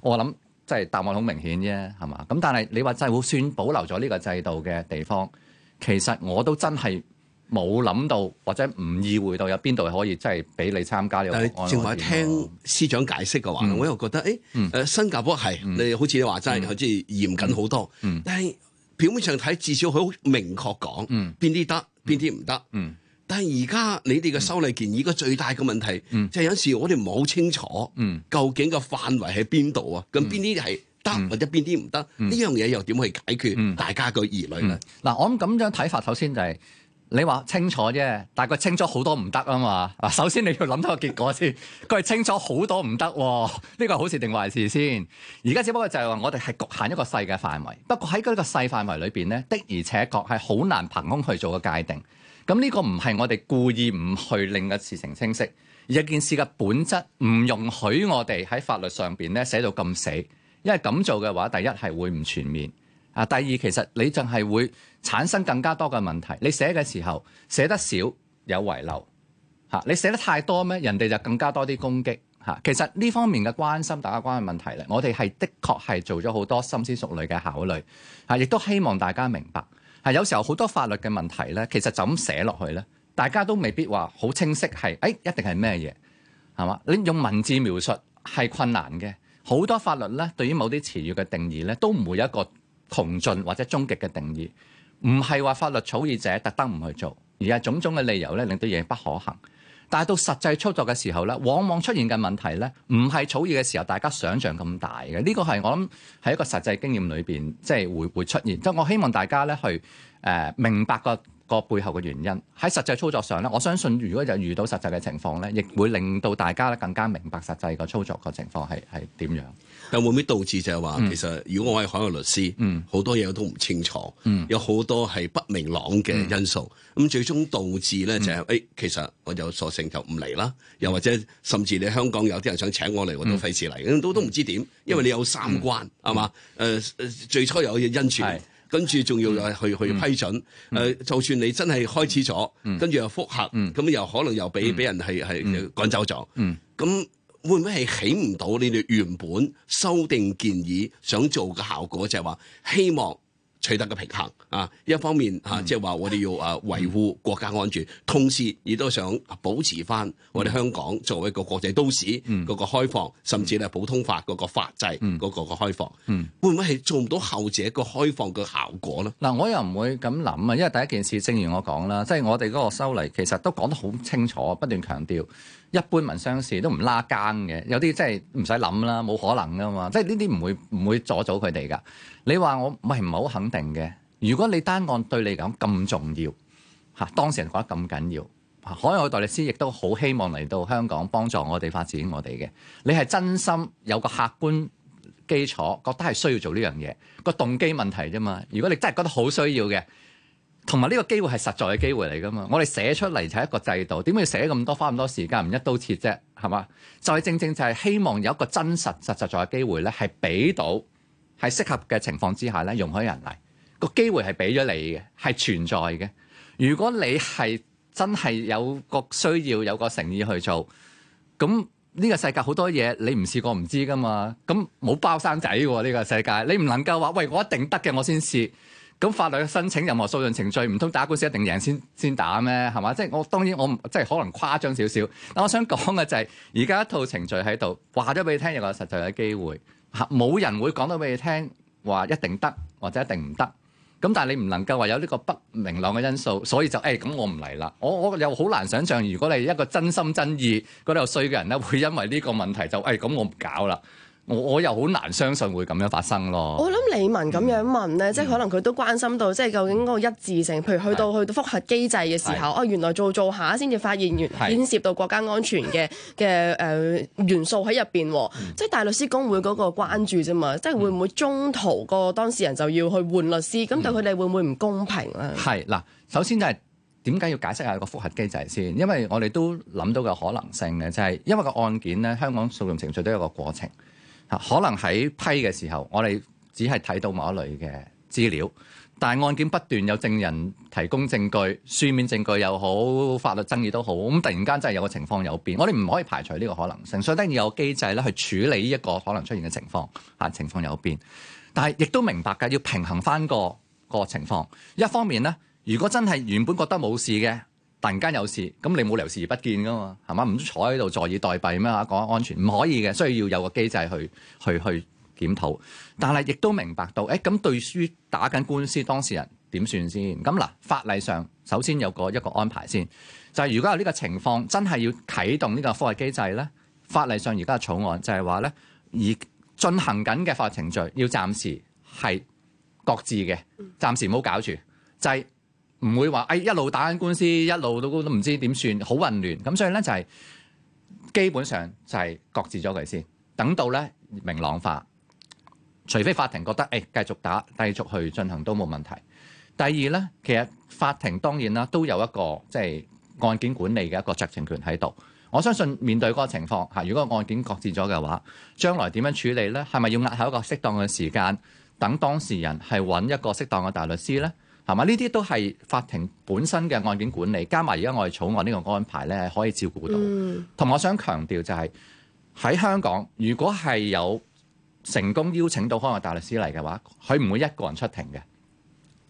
我諗即係答案好明顯啫，係嘛？咁但係你話政府算保留咗呢個制度嘅地方，其實我都真係。冇諗到或者唔意會到有邊度可以真係俾你參加呢個？但係正話聽司長解釋嘅話，我又覺得誒，新加坡係你好似你話齋，好似嚴謹好多。但係表面上睇，至少佢好明確講邊啲得，邊啲唔得。但係而家你哋嘅修例建議嘅最大嘅問題，就係有陣時我哋唔好清楚究竟個範圍喺邊度啊？咁邊啲係得或者邊啲唔得？呢樣嘢又點去解決大家嘅疑慮咧？嗱，我諗咁樣睇法，首先就係。你話清楚啫，但係佢清楚好多唔得啊嘛！首先你要諗到個結果先，佢係 清楚好多唔得喎。呢個好事定壞事先？而家只不過就係話我哋係局限一個細嘅範圍，不過喺嗰一個細範圍裏邊咧，的而且確係好難憑空去做個界定。咁呢個唔係我哋故意唔去令個事情清晰，而一件事嘅本質唔容許我哋喺法律上邊咧寫到咁死，因為咁做嘅話，第一係會唔全面。啊！第二，其實你就係會產生更加多嘅問題。你寫嘅時候寫得少有遺漏嚇、啊，你寫得太多咩，人哋就更加多啲攻擊嚇、啊。其實呢方面嘅關心，大家關嘅問題咧，我哋係的確係做咗好多深思熟慮嘅考慮嚇，亦、啊、都希望大家明白係、啊、有時候好多法律嘅問題咧，其實就咁寫落去咧，大家都未必話好清晰係誒、哎、一定係咩嘢係嘛？你用文字描述係困難嘅，好多法律咧對於某啲詞語嘅定義咧都唔會有一個窮盡或者終極嘅定義，唔係話法律草擬者特登唔去做，而係種種嘅理由咧令到嘢不可行。但係到實際操作嘅時候咧，往往出現嘅問題咧，唔係草擬嘅時候大家想象咁大嘅。呢個係我諗喺一個實際經驗裏邊，即係會會出現。即係我希望大家咧去誒明白個。個背後嘅原因喺實際操作上咧，我相信如果就遇到實際嘅情況咧，亦會令到大家咧更加明白實際個操作個情況係係點樣。但會唔會導致就係話其實如果我係海外律師，嗯，好多嘢我都唔清楚，嗯，有好多係不明朗嘅因素。咁最終導致咧就係誒，其實我索性就唔嚟啦。又或者甚至你香港有啲人想請我嚟，我都費事嚟，都都唔知點，因為你有三關係嘛。誒誒，最初有嘢因傳。跟住仲要去去批准，誒、嗯呃，就算你真係開始咗，嗯、跟住又複核，咁、嗯、又可能又俾俾、嗯、人係係、嗯、趕走咗，咁、嗯、會唔會係起唔到你哋原本修訂建議想做嘅效果？就係、是、話希望。取得嘅平衡啊，一方面吓，嗯、即係話我哋要啊維護國家安全，嗯、同時亦都想保持返我哋香港作為一個國際都市嗰個開放，嗯、甚至係普通法嗰個法制嗰個個開放，嗯、會唔會係做唔到後者個開放嘅效果咧？嗱、嗯，我又唔會咁諗啊，因為第一件事正如我講啦，即係我哋嗰個修例其實都講得好清楚，不斷強調。一般民商事都唔拉更嘅，有啲真係唔使諗啦，冇可能噶嘛，即係呢啲唔會唔會阻阻佢哋噶。你話我唔係唔係好肯定嘅。如果你單案對你嚟講咁重要，嚇，當事人覺得咁緊要，海外嘅代理師亦都好希望嚟到香港幫助我哋發展我哋嘅。你係真心有個客觀基礎，覺得係需要做呢樣嘢，個動機問題啫嘛。如果你真係覺得好需要嘅。同埋呢個機會係實在嘅機會嚟噶嘛。我哋寫出嚟就係一個制度，點解要寫咁多，花咁多時間唔一刀切啫？係嘛？就係正正就係希望有一個真實、實實在嘅機會咧，係俾到，係適合嘅情況之下咧，容許人嚟個機會係俾咗你嘅，係存在嘅。如果你係真係有個需要，有個誠意去做，咁呢個世界好多嘢你唔試過唔知噶嘛？咁冇包生仔喎呢個世界，你唔能夠話喂，我一定得嘅，我先試。咁法律去申請任何訴訟程序，唔通打官司一定贏先先打咩？係嘛？即係我當然我即係可能誇張少少。嗱，我想講嘅就係而家一套程序喺度話咗俾你聽，又有實際嘅機會，冇人會講到俾你聽話一定得或者一定唔得。咁但係你唔能夠話有呢個不明朗嘅因素，所以就誒咁、哎、我唔嚟啦。我我又好難想象，如果你一個真心真意嗰度衰嘅人咧，會因為呢個問題就誒咁、哎、我唔搞啦。我我又好難相信會咁樣發生咯。我諗李文咁樣問呢，嗯、即係可能佢都關心到，即係究竟嗰個一致性。譬如去到是去到複核機制嘅時候，是哦，原來做做下先至發現原，是牽涉到國家安全嘅嘅誒元素喺入邊。嗯、即係大律師公會嗰個關注啫嘛。嗯、即係會唔會中途個當事人就要去換律師？咁、嗯、對佢哋會唔會唔公平咧？係嗱、嗯，首先就係點解要解釋下個複核機制先，因為我哋都諗到個可能性呢，就係因為，因為，個，案因為個案件呢，香港訴訟程序都有個過程。可能喺批嘅時候，我哋只係睇到某一類嘅資料，但係案件不斷有證人提供證據，書面證據又好，法律爭議都好，咁突然間真係有個情況有變，我哋唔可以排除呢個可能性，所以一定要有機制咧去處理呢一個可能出現嘅情況吓，情況有變，但係亦都明白嘅，要平衡翻個個情況。一方面呢，如果真係原本覺得冇事嘅。突然間有事，咁你冇理由視而不見噶嘛？係嘛？唔坐喺度坐以待斃咩？講安全唔可以嘅，所以要有個機制去去去檢討。但係亦都明白到，誒、欸、咁對於打緊官司，當事人點算先？咁嗱，法例上首先有個一個安排先，就係、是、如果有呢個情況真係要啟動呢個法律機制咧，法例上而家嘅草案就係話咧，而進行緊嘅法律程序要暫時係各自嘅，暫時唔好搞住，就係、是。唔會話誒、哎、一路打緊官司，一路都都唔知點算，好混亂。咁所以呢，就係、是、基本上就係擱置咗佢先，等到呢明朗化。除非法庭覺得誒、哎、繼續打、繼續去進行都冇問題。第二呢，其實法庭當然啦，都有一個即係、就是、案件管理嘅一個酌情權喺度。我相信面對嗰個情況吓，如果案件擱置咗嘅話，將來點樣處理呢？係咪要押後一個適當嘅時間，等當事人係揾一個適當嘅大律師呢？係嘛？呢啲都係法庭本身嘅案件管理，加埋而家我哋草案呢個安排咧，可以照顧到。同埋我想強調就係、是、喺香港，如果係有成功邀請到海外大律師嚟嘅話，佢唔會一個人出庭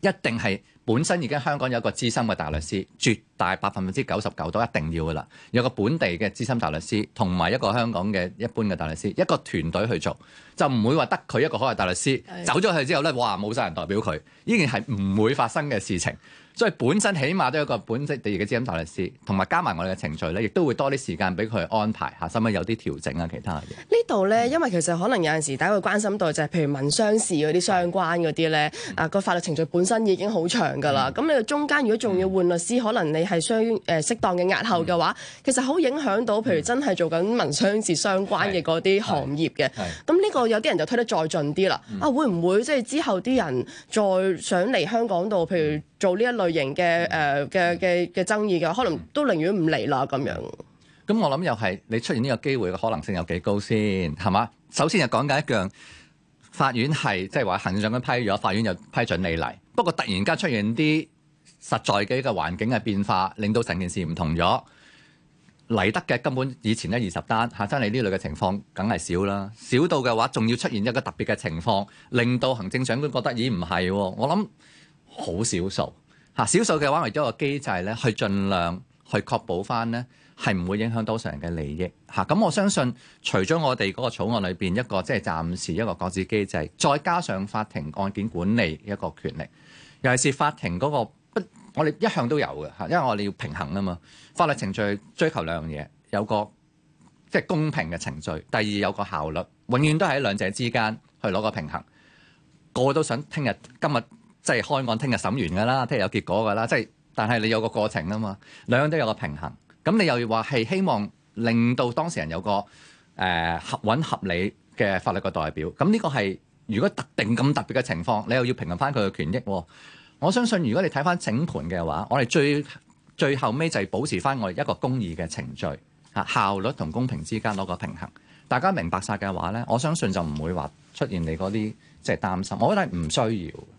嘅，一定係。本身已經香港有一個資深嘅大律師，絕大百分之九十九都一定要嘅啦。有個本地嘅資深大律師，同埋一個香港嘅一般嘅大律師，一個團隊去做，就唔會話得佢一個海外大律師的走咗去之後呢，哇，冇晒人代表佢，呢件係唔會發生嘅事情。即係本身起碼都有個本職地嘅資深大律師，同埋加埋我哋嘅程序咧，亦都會多啲時間俾佢安排下使唔使有啲調整啊？其他嘢呢度咧，嗯、因為其實可能有陣時大家會關心到就係、是、譬如民商事嗰啲相關嗰啲咧，嗯、啊個法律程序本身已經好長㗎啦。咁、嗯、你中間如果仲要換律師，嗯、可能你係相誒、呃、適當嘅押後嘅話，嗯、其實好影響到譬如真係做緊民商事相關嘅嗰啲行業嘅。咁呢、嗯嗯、個有啲人就推得再進啲啦。嗯、啊，會唔會即係之後啲人再想嚟香港度，譬如？嗯做呢一類型嘅誒嘅嘅嘅爭議嘅，可能都寧願唔嚟啦咁樣。咁、嗯嗯、我諗又係你出現呢個機會嘅可能性有幾高先係嘛？首先就講緊一樣，法院係即係話行政長官批咗，法院又批准你嚟。不過突然間出現啲實在嘅一個環境嘅變化，令到成件事唔同咗嚟得嘅根本以前一二十單，產生你呢類嘅情況梗係少啦。少到嘅話，仲要出現一個特別嘅情況，令到行政長官覺得咦、哦，唔係我諗。好少數嚇，少數嘅話，為咗個機制咧，去盡量去確保翻呢係唔會影響到多數人嘅利益嚇。咁、啊、我相信，除咗我哋嗰個草案裏邊一個即係暫時一個擱置機制，再加上法庭案件管理一個權力，尤其是法庭嗰、那個不，我哋一向都有嘅嚇，因為我哋要平衡啊嘛。法律程序追求兩樣嘢，有個即係公平嘅程序，第二有個效率，永遠都喺兩者之間去攞個平衡。個個都想聽日今日。即係開案，聽日審完噶啦，聽日有結果噶啦。即係，但係你有個過程啊嘛，兩樣都有個平衡。咁你又要話係希望令到當事人有個誒、呃、合穩合理嘅法律個代表。咁呢個係如果特定咁特別嘅情況，你又要平衡翻佢嘅權益、哦。我相信如果你睇翻整盤嘅話，我哋最最後尾就係保持翻我哋一個公義嘅程序嚇、啊、效率同公平之間攞個平衡。大家明白晒嘅話呢，我相信就唔會話出現你嗰啲即係擔心。我覺得係唔需要。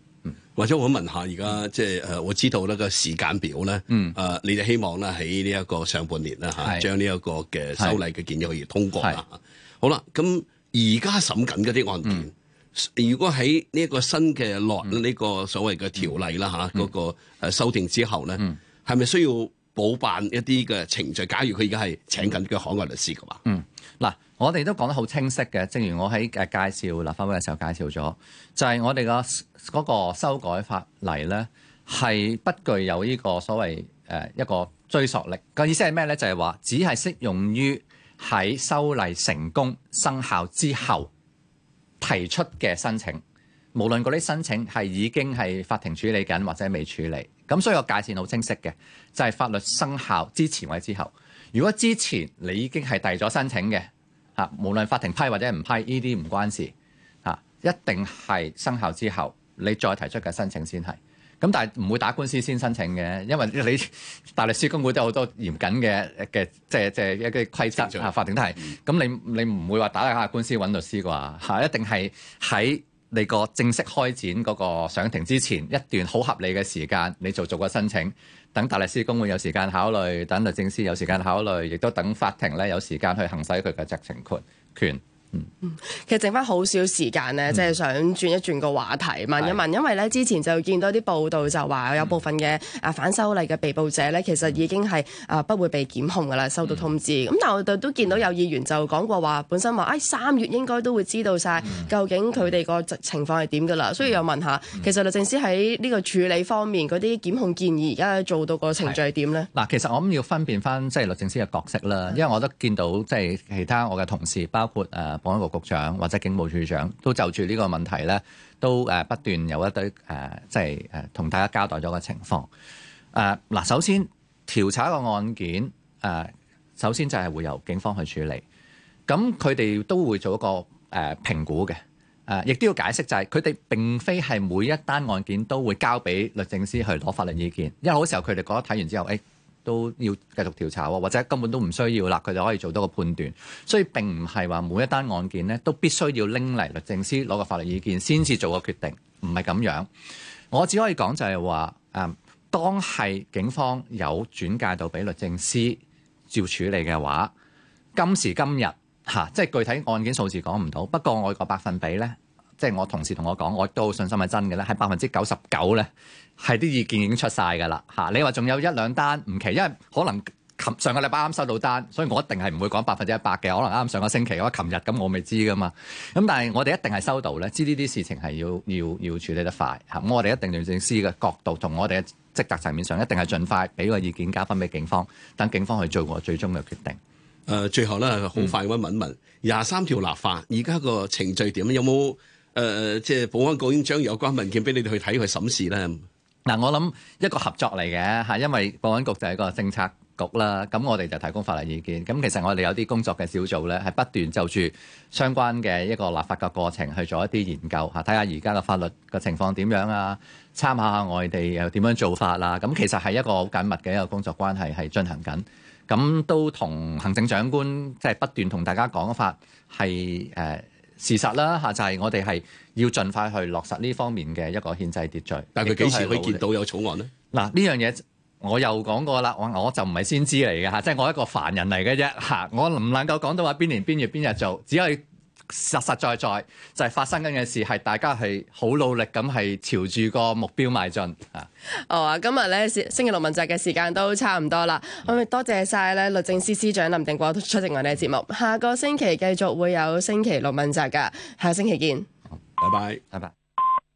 或者我問下，而家即係誒，我知道呢個時間表咧，誒、嗯呃，你哋希望咧喺呢一個上半年啦嚇，啊、是將呢一個嘅修例嘅建議可以通過啦、啊。好啦，咁而家審緊嗰啲案件，嗯、如果喺呢一個新嘅落呢個所謂嘅條例啦嚇嗰個修訂之後咧，係咪、嗯、需要補辦一啲嘅程序？假如佢而家係請緊嘅海外律師嘅話。嗯嗯嗱，我哋都講得好清晰嘅，正如我喺誒介紹立法會嘅時候介紹咗，就係我哋個嗰個修改法例呢，係不具有呢個所謂誒一個追溯力。個意思係咩呢？就係話只係適用於喺修例成功生效之後提出嘅申請，無論嗰啲申請係已經係法庭處理緊或者未處理。咁所以個界線好清晰嘅，就係法律生效之前或之後。如果之前你已經係遞咗申請嘅，嚇，無論法庭批或者唔批，依啲唔關事，嚇，一定係生效之後你再提出嘅申請先係。咁但係唔會打官司先申請嘅，因為你大律師公會都有好多嚴謹嘅嘅，即係即係一啲規則做啊，法庭都係。咁、嗯、你你唔會話打下官司揾律師啩？嚇，一定係喺你個正式開展嗰個上庭之前一段好合理嘅時間，你就做個申請。等大律師公會有時間考慮，等律政司有時間考慮，亦都等法庭呢有時間去行使佢嘅酌情權權。嗯，其實剩翻好少時間呢，即係、嗯、想轉一轉個話題，問一問，是因為咧之前就見到啲報道就話有部分嘅啊反修例嘅被捕者呢，其實已經係啊不會被檢控噶啦，收到通知。咁、嗯、但我哋都見到有議員就講過話，本身話，哎三月應該都會知道晒究竟佢哋個情情況係點噶啦。嗯、所以又問下，其實律政司喺呢個處理方面，嗰啲檢控建議而家做到個程序係點咧？嗱，其實我諗要分辨翻即係律政司嘅角色啦，因為我都見到即係、就是、其他我嘅同事，包括誒。呃保安局局長或者警務處長都就住呢個問題呢，都誒不斷有一堆誒、呃，即係誒、呃、同大家交代咗個情況。誒、呃、嗱，首先調查一個案件，誒、呃、首先就係會由警方去處理，咁佢哋都會做一個誒評、呃、估嘅，誒亦都要解釋就係、是，佢哋並非係每一單案件都會交俾律政司去攞法律意見，因為好時候佢哋覺得睇完之後，誒、欸。都要繼續調查喎，或者根本都唔需要啦，佢就可以做多個判斷。所以並唔係話每一單案件咧都必須要拎嚟律政司攞個法律意見先至做個決定，唔係咁樣。我只可以講就係話，誒，當係警方有轉介到俾律政司照處理嘅話，今時今日嚇、啊，即係具體案件數字講唔到，不過我個百分比呢，即係我同事同我講，我都信心係真嘅咧，係百分之九十九呢。係啲意見已經出晒㗎啦嚇！你話仲有一兩單唔奇，因為可能琴上個禮拜啱收到單，所以我一定係唔會講百分之一百嘅。可能啱上個星期，或者琴日咁，我未知㗎嘛。咁、嗯、但係我哋一定係收到咧，知呢啲事情係要要要處理得快嚇。咁、啊、我哋一定律政司嘅角度，同我哋嘅職責層面上，一定係盡快俾個意見交返俾警方，等警方去做個最終嘅決定。誒、呃，最後咧好快咁問,問問，廿、嗯、三條立法而家個程序點？有冇誒、呃、即係保安局已經將有關文件俾你哋去睇去審視咧？嗱、嗯，我諗一個合作嚟嘅嚇，因為保安局就係個政策局啦，咁我哋就提供法律意見。咁其實我哋有啲工作嘅小組呢，係不斷就住相關嘅一個立法嘅過程去做一啲研究嚇，睇下而家嘅法律嘅情況點樣啊，參考下外地又點樣做法啦。咁其實係一個好緊密嘅一個工作關係係進行緊，咁都同行政長官即係、就是、不斷同大家講法係誒。呃事實啦嚇，就係我哋係要盡快去落實呢方面嘅一個憲制秩序。但係佢幾時可以見到有草案咧？嗱，呢樣嘢我又講過啦，我我就唔係先知嚟嘅嚇，即係我一個凡人嚟嘅啫嚇，我唔能夠講到話邊年邊月邊日做，只係。實實在在就係、是、發生緊嘅事，係大家係好努力咁係朝住個目標邁進啊！哦啊，今日咧星期六問責嘅時間都差唔多啦，我哋多謝晒咧律政司司長林定國出席我哋嘅節目。下個星期繼續會有星期六問責㗎，下星期見。拜拜，拜拜。